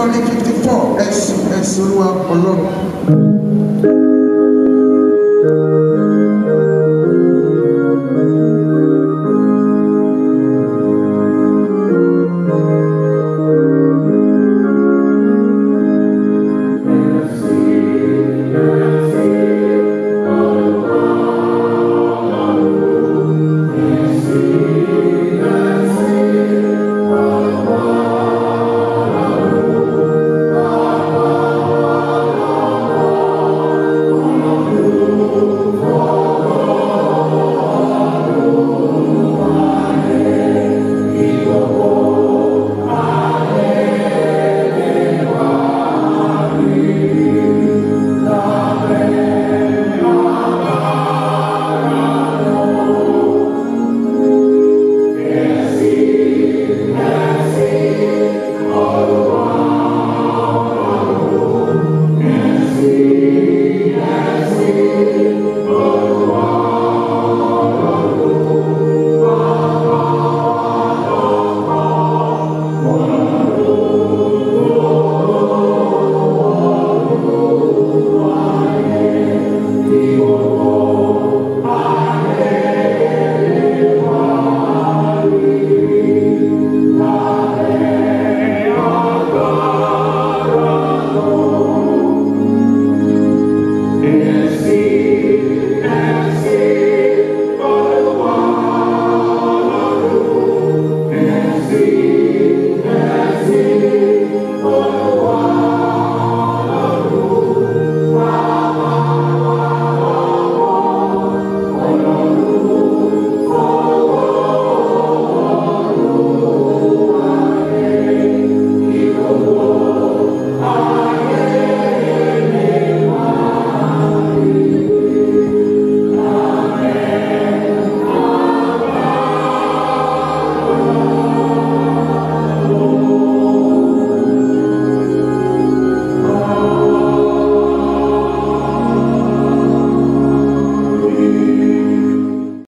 Lord ní fifty four ẹ̀sùn ẹ̀sùn olúwa ọlọ́run.